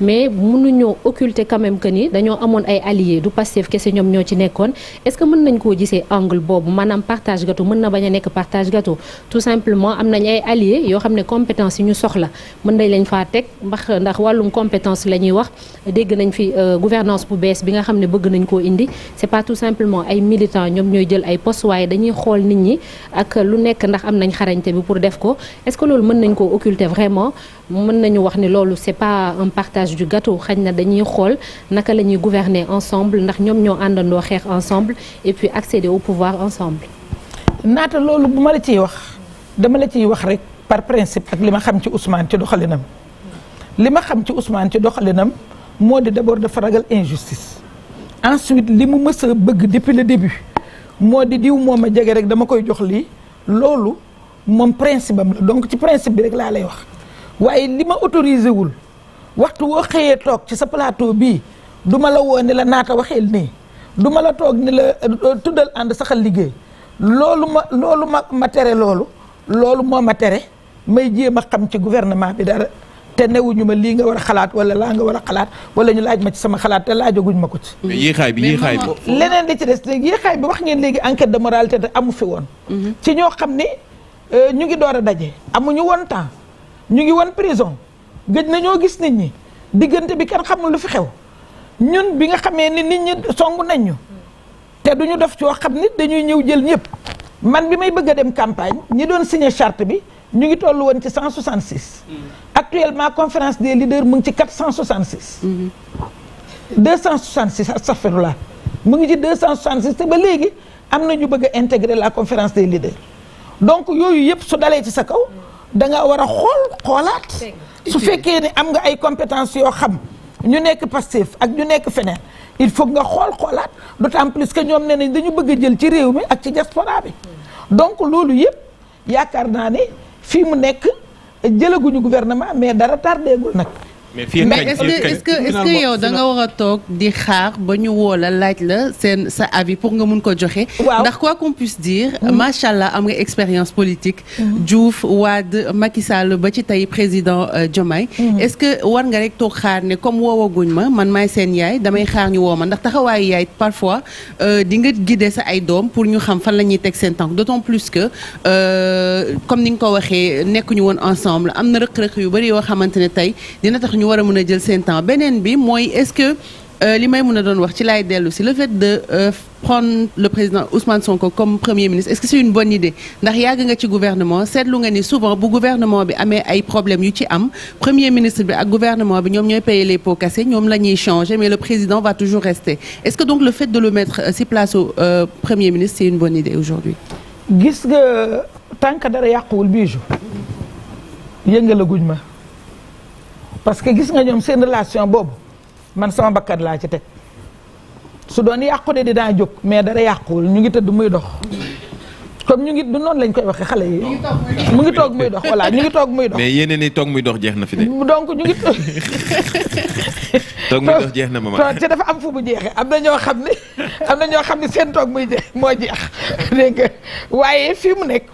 mais mënuñoo occulter quand même que ni dañoo amoon ay alliés du Pastef kese ñoom ñoo ci nekkoon est-ce que mën nañ koo gisee angle boobu maanaam partage gâteau mën na bañ a nekk partage gato tout simplement am nañ ay alliés yoo xam ne compétence yi ñu soxla mën nañ lañ faa teg mbax ndax wàllum compétence la ñuy wax dégg nañ fi euh, gouvernance bu bees bi nga xam ne bëgg nañ koo indi c'est pas tout simplement ay militants ñoom ñooy jël ay postes dañuy xool nit ñi ak lu nekk ndax am nañ xarañte bi pour def ko est loolu mën nañ koo occulter vraiment mën un partage du gâteau xañ na dañuy xool naka la ñuy gouverner ensemble ndax ñoom ñoo àndandoo xeex ensemble et puis accéder au pouvoir ensemble. naata loolu bu ma la ci wax dama la ciy wax rek par principe ak li ma xam ci Ousmane ci doxalinam li ma xam ci Ousmane ci doxalinam moo di d'abord dafa ragal injustice ensuite li mu mës bëgg depuis le début moo di diw moom a jege rek dama koy jox lii loolu moom principe la donc ci principe bi rek laa lay wax waaye li ma autorisé wul. waxtu woo xëyee toog ci sa palaato bii du ma la woo la naata waxeel nii du ma la toog ni la euh, tuddal ànd saxal liggéey loolu ma loolu ma ma tere loolu loolu moo ma tere may jéem a xam ci gouvernement bi dara te newuñu ma lii nga war a xalaat wala laa nga war a xalaat wala ñu laaj ma ci sama xalaat te laajaguñ ma ko ci. mais yéexaay bi yéexaay bi. leneen li ci des léegi yéexaay bi wax ngeen léegi enquête de moralité de amu fi woon. Mhm. ci ñoo xam ne euh, ñu ngi door a daje. amuñu woon temps ñu ngi woon prison. gëj nañoo gis nit ñi diggante bi kenn xamul lu fi xew ñun bi nga xamee ni nit ñi song nañ ñu te du ñu def coo xam ni dañuy ñëw jël ñëpp man bi may bëgg dem campagne ñi doon signé charte bi ñu ngi toll woon ci 166. Mm-hmm. actuellement conférence des leaders mu ngi ci 466. 266 astafirullah mu ngi ci 266 te ba léegi am na ñu bëgg a la conférence de leaders donc yooyu yëpp su dalee ci sa kaw da nga war a xool xoolaat. su fekkee ne am nga ay compétences yoo xam ñu nekk Pastef ak ñu nekk feneen il faut nga xool xoolaat d'autant plus que ñoom nee nañ dañu bëgg a jël ci réew mi ak ci diaspora bi donc loolu yëpp yaakaar naa ne fii mu nekk jëlaguñu gouvernement mais dara tardéegul nag mais fii mais est-ce que yow da nga war a toog di xaar ba ñu woo la laaj la seen sa avis pour nga mun ko joxe. ndax quoi qu'on puisse dire. Mm-hmm. macha allah am nga expérience politique. Mm-hmm. Diouf Wade Macky Sall ba ci tey président euh, Diomaye. Mm-hmm. est-ce que war nga rek toog xaar ne comme woowaguñ ma man maay seen yaay damay xaar ñu woo ma ndax taxawaayu yaay parfois euh, di nga guider sa ay doom pour ñu xam fan la ñuy teg seen tànk d'autant plus que euh, comme ni nga ko waxee ñu woon ensemble am na rëq yu bari yoo xamante ne ñu war a mën a jël seen temps beneen bi mooy est-ce que euh, li may mën a doon wax ci laay dellu si le fait de euh, prendre le président Ousmane Sonko comme premier ministre est-ce que c'est une bonne idée ndax yàgg nga ci gouvernement seetlu nga ni souvent bu gouvernement bi amee ay problèmes yu ci am premier ministre bi a gouvernement bi ñoom ñooy payer les pots cassés ñoom la ñuy changer mais le président va toujours rester est-ce que donc le fait de le mettre euh, si place au premier ministre c'est une bonne idée aujourd'hui gis ma parce que gis nga ñoom seen relation boobu man sama bakkan laa ci teg su doon yàqu de dinaa jóg mais dara yàquwul ñu ngi tëdd muy dox comme ñu ngi du noonu lañ koy waxee xale yi. mu ngi toog muy dox voilà ñu ngi toog muy dox. mais yéen toog muy dox jeex na fi de. donc ñu ngi. toog muy dox jeex na ma ma. te dafa am fu mu jeexee am na ñoo xam ne am na ñoo xam ne seen toog muy jeex moo jeex dégg waaye fii mu nekk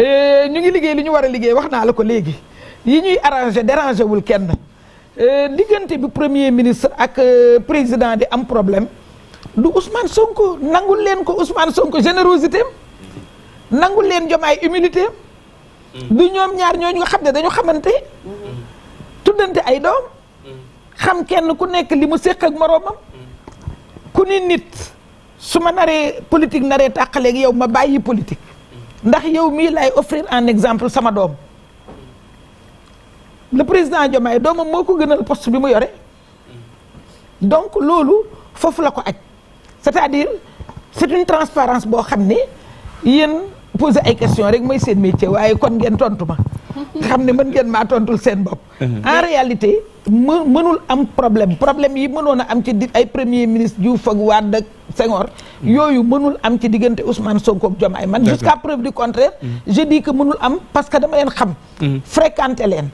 euh, ñu ngi liggéey li ñu war a liggéey wax naa la ko léegi. yi ñuy arrangé dérangé wul kenn euh, diggante bi premier ministre ak euh, président di am problème du Ousmane Sonko nangul leen ko Ousmane Sonko générosité am nangul leen jomaay ay am du ñoom ñaar ñooñu nga xam ne dañu xamante tuddante ay doom xam kenn ku nekk li mu séq ak moroomam ku ni nit su ma naree politique naree tàqaleeg yow ma bàyyi politique ndax yow mii lay offrir en exemple sama doom le président Diomaye doomam moo ko gënal poste bi mu yore donc loolu foofu la ko aj c'est-à-dire c'est une transparence boo xam ne yéen poser ay question rek mooy seen métier waaye kon ngeen tontu ma xam ne mën ngeen maa tontul seen bopp en réalité më mënul am problème problème yi mënoon a am ci di ay premier ministre Diouf ak Wade ak Senghor yooyu mënul am ci diggante Ousmane Sonko ak Diomaye man jusqu'à preuve du contraire je dis que mënul am parce que dama leen xam fréquenté leen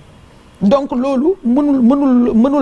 donc loolu mënul mënul mënul